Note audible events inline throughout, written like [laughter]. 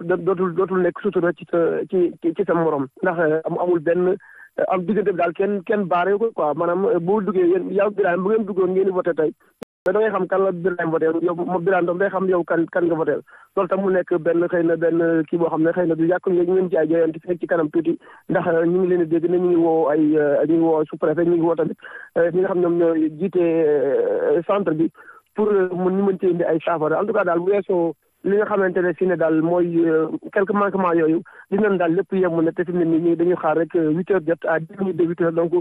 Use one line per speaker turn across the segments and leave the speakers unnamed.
dootul dootul nekk sutura ci sa ci ci sa morom ndax eh, amul benn eh, am diggante bi daal kenn kenn baaree ko quoi maanaam eh, boo duggee yéen yow Birame bu ngeen duggoon ngeen di voté tey da ngay xam kan la Birame voté yow kan kan nga voté loolu tam mu nekk benn xëy na benn kii boo xam ne xëy na du yàq ngeen ci ay joyante fekk ci kanam tuuti ndax ñu ngi leen di dégg ne woo ay woo sous-préfet ñu xam ñoom ñoo jiite centre bi pour mu ñu mën ci indi ay saafara en tout cas daal bu weesoo li nga xamante ne si ne daal mooy euh, quelques manquements yooyu li ñu daal lépp yem na te fi ni ne nii dañuy xaar rek euh, huit heures jot à dix de huit heures donc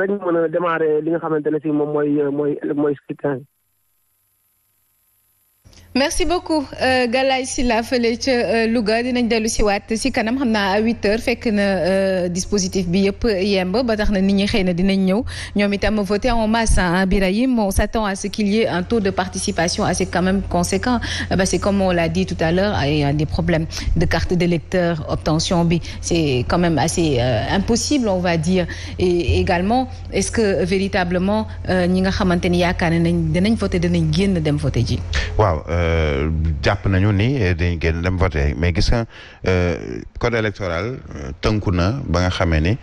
rek ñu mën a démarrer li nga xamante ne si moom mooy euh, mooy mooy scrutin
merci beaucoup euh, Galaye Sylla fële ca euh, Louga dinañ dellu si si kanam xam naa à huit heures fekk na euh, dispositif bi yëpp yemb ba tax na nit ñi xëy na dinañ ñëw ñoom itam voté en masse à Birahim on s'attend à ce qu'il y ait un taux de participation assez quand même conséquent comme on l'a dit tout à l'heure il y a des problèmes de carte d'électeur obtention bi c'est quand même assez impossible on va dire et également est-ce que véritablement ñi nga xamante ni yaakaar nañ dinañ voté dinañ génn dem voté ji
Euh, jàpp nañu ni eh, dañ gën dem voté mais gis nga euh, code électoral euh, tënku na ba nga xamee ni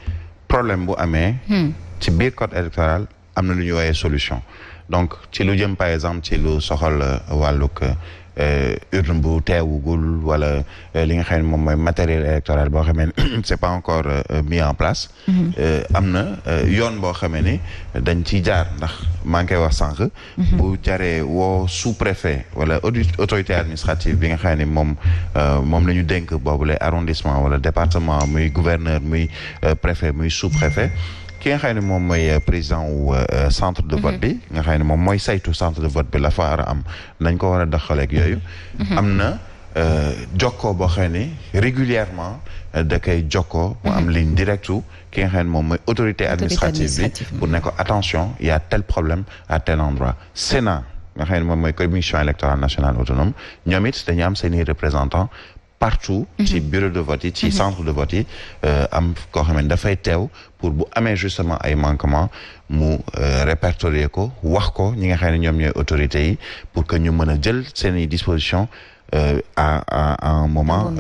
problème bu amee. Hmm. ci biir code électoral am na lu ñuy woowee solution donc ci lu jëm par exemple ci lu soxal wàllug. Euh, urne bu teewugul wala euh, li nga xam ne moom mooy matériel électoral boo xamee ne [coughs] c'est pas encore euh, mis en place mm-hmm. am na yoon boo xamee ni dañ ciy jaar ndax maa ngi koy wax sànq mm-hmm. bu jaree woo sous-préfet wala autorité administrative bi nga xam ne moom moom la ñu dénk boobu lay arrondissement wala département muy gouverneur muy préfet muy sous-préfet ki nga xam ne moom mooy euh, président wu euh, euh, centre de vote mhm. bi nga xam ne moom mooy saytu centre de vote bi la fa am nañ ko war a daxaleeg yooyu mhm. am na jokkoo boo xam ne régulièrement da koy jokkoo mu am mhm. ligne directu ki nga xam ne moom mooy autorité administrative bi pour ne attention y a tel problème à tel endroit Sénat nga xam ne moom mooy commission électorale national autonome ñoom it dañu am seeni représentant partout mhm. ci bureau de vote yi ci mhm. centre de vote yi euh, am koo xam ne dafay teew pour bu amee justement ay manquement mu euh, répertorier ko wax ko ñi nga xam ne ñoom ñooy autorité yi pour que ñu mën a jël seeni disposition Euh, à à un moment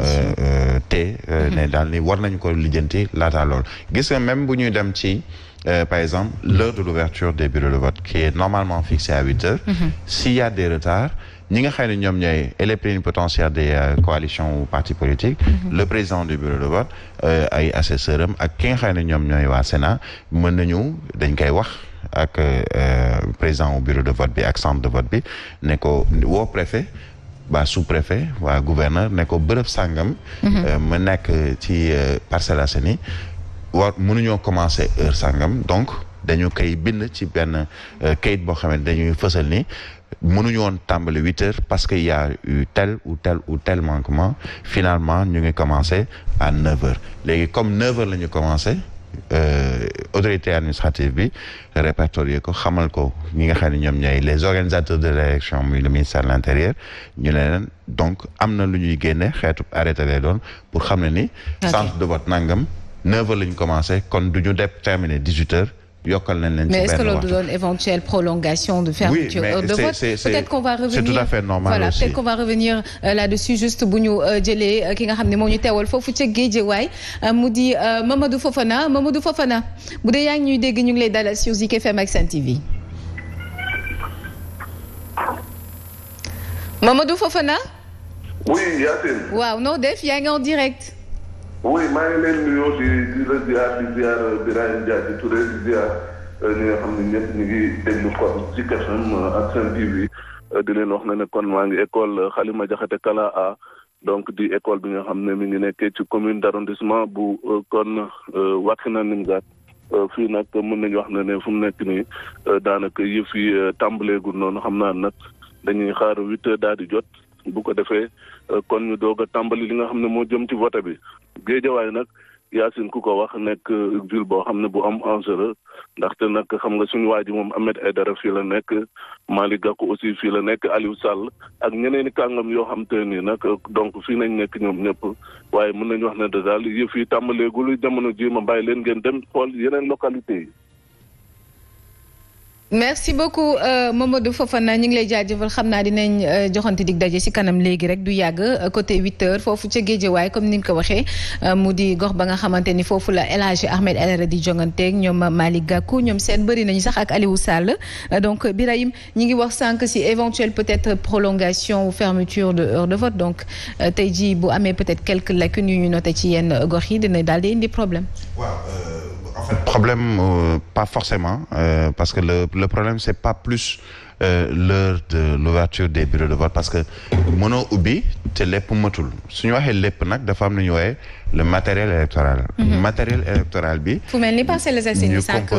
te euh, mhm. ne daal ni war nañu ko lijjanti laataa lool gis nga même bu ñuy dem ci par exemple l'heure de l'ouverture des bureaux de vote qui est normalement fixée à huit heures mm -hmm. des retards ñi nga xam ne ñoom ñooy et les plénipotentiaires des euh, coalitions ou partis politiques mm-hmm. le président du bureau de vote euh, ay assesseur am ak ki nga xam ne ñoom ñooy waa Sénat mën nañu dañ koy wax ak euh, président au bureau de vote bi ak centre de vote bi ne ko woo préfet waa sous-préfet waa gouverneur ne ko bërëb sàngam mm-hmm. ma nekk ci Parcelles Assainies war mënuñoo commencer heure sàngam donc dañu koy bind ci benn euh, kayit boo xam dañuy fësal ni mënuñu woon tàmbali huit parce que y a eu tel ou tel ou tel ñu ngi commencé à neuf heures comme neuf la ñu commencé euh, autorité administrative bi répertorier ko xamal ko ñi nga xam ne ñoom ñooy les organisateurs de l'élection muy le ministère l'intérieur ñu ne leen donc am na lu ñuy génne xeetu arrêté lay doon pour xam ne ni centre de vote nangam neuf heures la commencé kon du ñu def terminé dix huit heures yokkal nañ leen. mais est-ce que loolu du
doon éventuelle prolongation de euh, de vote peut-être qu'on euh, bu ñu euh, jëlee ki nga xam ne moo ñu teewal foofu ca Guédiawaye mu di Mamadou Fofana Mamadou Fofana bu dee yaa ngi ñuy dégg ñu ngi lay dalal sur Zik FM ak Sen TV. Mamadou Fofana. oui Yacine. def yaa en direct.
oui maa ngi leen nuyoo di di la ziar di ziar Birahim Dia di Touré di ziar euh, nga xam ne ñëpp ñu ngi déglu kon ci KFM euh, ak Sen TV euh, di leen wax na ne kon maa ngi école xalima Diakhaté Kala A donc di école bi nga xam ne mi ngi nekkee ci commune d' arrondissement bu kon Wakhinane Nimzatt fii nag mën nañu wax ne ne fu mu nekk nii daanaka yëf yi tàmbaleegul noonu xam naa nag dañuy xaar huit heures daal di jot bu ko defee kon ñu doog tàmbali li nga xam ne moo jëm ci vote bi géejawaay nag Yacine ku ko wax nekk euh, ville boo xam ne bu am enjeu ndaxte nag xam nga suñu waa ji moom Ahmed dara fii la nekk Malick Gakou aussi fii la nekk Aliou Sall ak ñeneen i kàngam yoo xam te nii nag donc fii nañ nekk ñoom ñëpp waaye mën nañu wax ne de daal yëf yi tàmbaleegul jamono jii ma bàyyi leen ngeen dem xool yeneen localité yi.
merci beaucoup foofa euh, Fofana ñu ngi lay jaajëfal xam naa dinañ euh, joxante dig daje ci kanam léegi rek du yàgg euh, côté huit heures foofu ca waaye comme ni nga ko waxee mu di gox ba nga xamante ni foofu la El Hadji Ahmed Aidara di jonganteeg ñoom Malick Gakou ñoom seen bëri nañu sax ak Aliou Sall donc Birahim ñi ngi wax sànq ci éventuelle peut-être prolongation ou fermeture de heure de vote donc tey jii bu amee peut-être quelques lacunes yu ñu noté ci yenn gox yi dina daal di indi
problème, euh, pas forcément, euh, parce que le, le problème, c'est pas plus euh, l'heure de l'ouverture des bureaux de vote, parce que mënoo ubbi te lépp matul suñu waxee lépp nag dafa am lu ñu wooyee le matériel électoral. Mhm. matériel électoral bi.
fu mel ni Parcelles Assainies sànq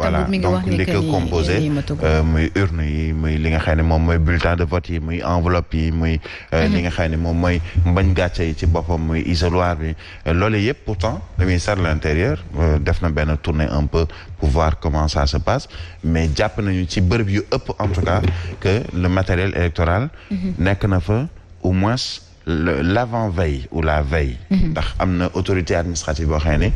voilà donc li ko composé
euh, muy urne yi muy li nga xam ne moom mooy bulletin de vote yi muy enveloppe yi muy. Euh, mhm. li nga xam ne moom mooy mbañ gàcce yi ci boppam muy isoloir bi euh, loolu yëpp pourtant le ministère de l'intérieur def na benn tournée un peu pour voir comment ça se passe mais jàpp nañu ci bërëb yu ëpp en tout cas que le matériel électoral. Mhm. au moins l'avant veille ou la veille. Mhm. ndax am na autorité administrative boo xam ne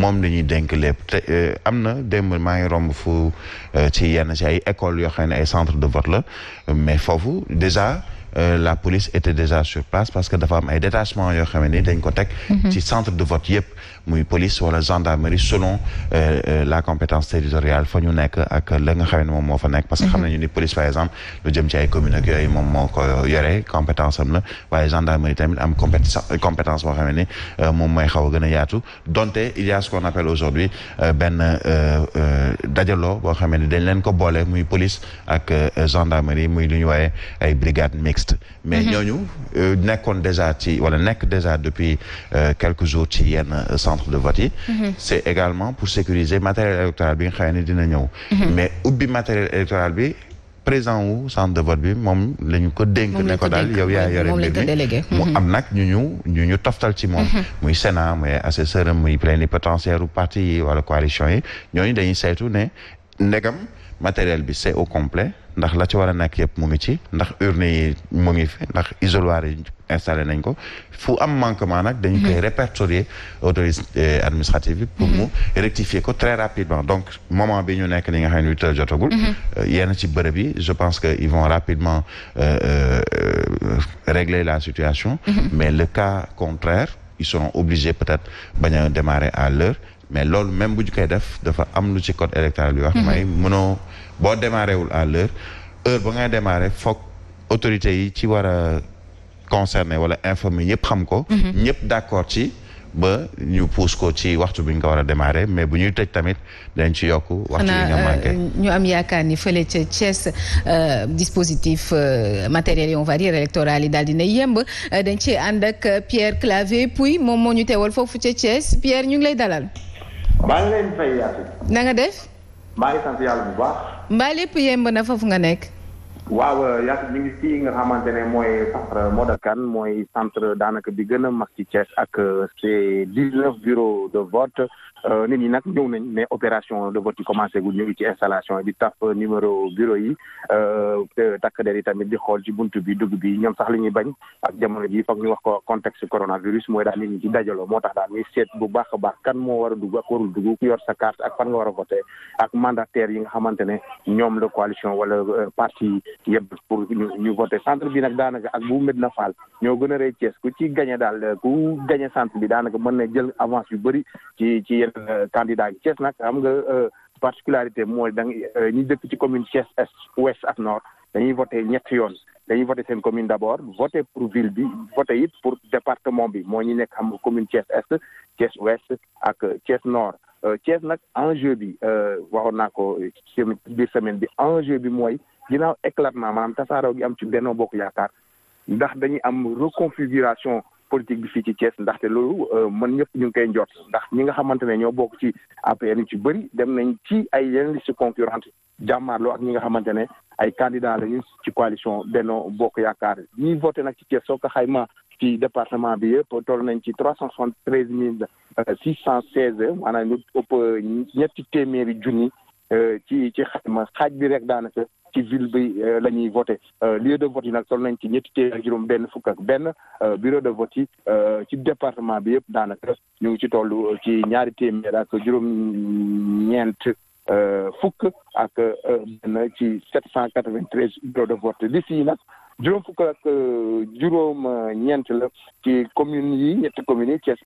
moom dañuy dénk lépp te euh, am na démb maa ngi romb fu euh, ci yenn ci ay écoles yoo xam ne ay centre de vote la mais foofu déjà. Euh, la police était déjà sur place parce que dafa am ay détachement yoo xam ne dañ ko teg mhm. ci centre de vote yëpp muy police wala gendarmerie selon euh, euh, la compétence territoriale fa ñu nekk ak la nga xam ne moom moo fa nekk parce que xam mhm. nañu ni police par exemple lu jëm ci ay commune ak yooyu moom moo ko yore compétence am la waaye gendarmerie tamit am compétence boo xam ne moom mooy xaw a gën a yaatu donte il y a ce qu'on appelle aujourd'hui benn dajaloo boo xam ne dañ leen ko boole muy police ak gendarmerie muy lu ñu wooye ay brigade mais mhm. ñooñu euh, nekkoon déjà ci wala nekk déjà depuis euh, quelques jours ci yenn euh, centre de vote yi mhm. c'est également pour sécuriser matériel électoral bi nga xam dina ñëw mhm. mais ubbi matériel électoral bi président wu centre de vote bi moom la ñu ko dénk ne ko daal yow yaa yore mbir mi mu am nag ñu ñu ñu ñu toftal ci moom muy Sénat muy assesseur am muy plénipotentiaire u parti yi wala coalition yi ñooñu dañuy saytu ne ndegam matériel bi c'est au complet ndax la ci war a nekk yëpp mu ngi ci ndax urne yi mu ngi fi ndax isoloir yi installé nañ ko fu am manquement nag dañ koy mhm. répertorier autorité euh, administrative bi pour mu mhm. rectifier ko très rapidement donc moment bi ñu nekk ni nga xam ne huit heures jotagul mhm. euh, yenn ci bërëb yi je pense que ils vont rapidement euh, euh, régler la situation mais le cas contraire ils seront obligés peut-être bañ a démarrer à l'heure mais loolu même bu ñu koy def dafa am lu ci code électoral bi wax may mhm. mënoo boo démarré wul à l'heure heure ba ngay démarré foog autorités yi ci war a concerné wala informé ñëpp xam ko mhm. ñëpp d'accord ci ba ñu puus ko ci waxtu bi ko war a démarrer mais bu ñuy tëj tamit dañ ci yokk waxtu bi nga manqué euh,
ñu am yaakaar ni fële ca Thiès euh, dispositif euh, matériel yi on va dire électoral yi daal dina yemb dañ ci ànd ak Pierre Claver Pouy moom moo ñu teewal foofu ca Thiès Pierre ñu ngi lay dalal
maa ngi leen fay yaatu. na nga def. maa ngi sant yàlla bu baax.
mbaa lépp yemb na foofu nga nekk.
waaw euh, yaatu ñu ngi nga xamante ne mooy centre Modakan mooy centre daanaka bi gën a mag ci Thiès ak ses euh, dix neuf de vote Euh, nit ñi nag ñëw nañ mais opération de vote yi commencé gu ñu ngi ci installation yi di taf numéro bureau yi euh, takk der yi tamit di xool ci bunt bi dugg bi ñoom sax li ñuy bañ ak jamono ji foog ñu wax ko contexte coronavirus mooy daal nit ñi ci dajaloo moo tax daal ñuy seet bu baax a baax kan moo war a dugg ak warul dugg ku yor sa carte ak fan nga war a voté ak mandataire yi nga xamante ne ñoom la coalition wala euh, parti yëpp pour ñu voté centre bi nag daanaka ak bu Medina Fall ñoo gën a rëy Thiès ku ci gagné daal ku gagné centre bi daanaka mën na jël avance yu bëri ci ci Euh, candidat bi Thiès nag xam nga euh, particularité mooy da nga euh, ñu dëkk ci commune Thiès est ouest ak nord dañuy voté ñetti yoon dañuy voté seen commune d' abord voté pour ville bi voté it pour département bi moo ñu nekk xam commune Thiès est Thiès ouest ak Thiès nord Thiès nag enjeu bi waxoon naa ko ci biir semaine bi enjeu bi mooy ginnaaw éclatement maanaam tasaaroo gi am ci Benno Bokk Yaakaar ndax dañuy am reconfiguration politique bi fii ci Thiès ndaxte loolu euh, man ñëpp ñu ngi koy njort ndax ñi nga xamante ne ñoo bokk ci APR ñu ci bëri dem nañ ci ay yeneen liste concurrente jàmmaarloo ak ñi nga xamante ne ay candidat lañu ci coalition Benno Bokk Yaakaar ñiy voté nag ci Thiès soo ko xayma ci département bi yëpp toll nañ ci trois cent soixante treize mille six cent seize maanaam lu ëpp ñetti téeméeri junni euh, ci ci xayma xaaj bi rek daanaka ci ville bi euh, la ñuy voté euh, lieu de vote yi nag sol nañ ci ñetti téeméer ak juróom benn fukk ak benn euh, bureau de vote yi ci département bi yëpp daanaka ñu ngi ci toll ci ñaari téeméer ak juróom-ñeent fukk ak benn ci sept cent quatre-vingt-treize bureau de vote liste yi nag juróom fukk ak juróom ñeent la ci commune yi ñetti communes yi Thiès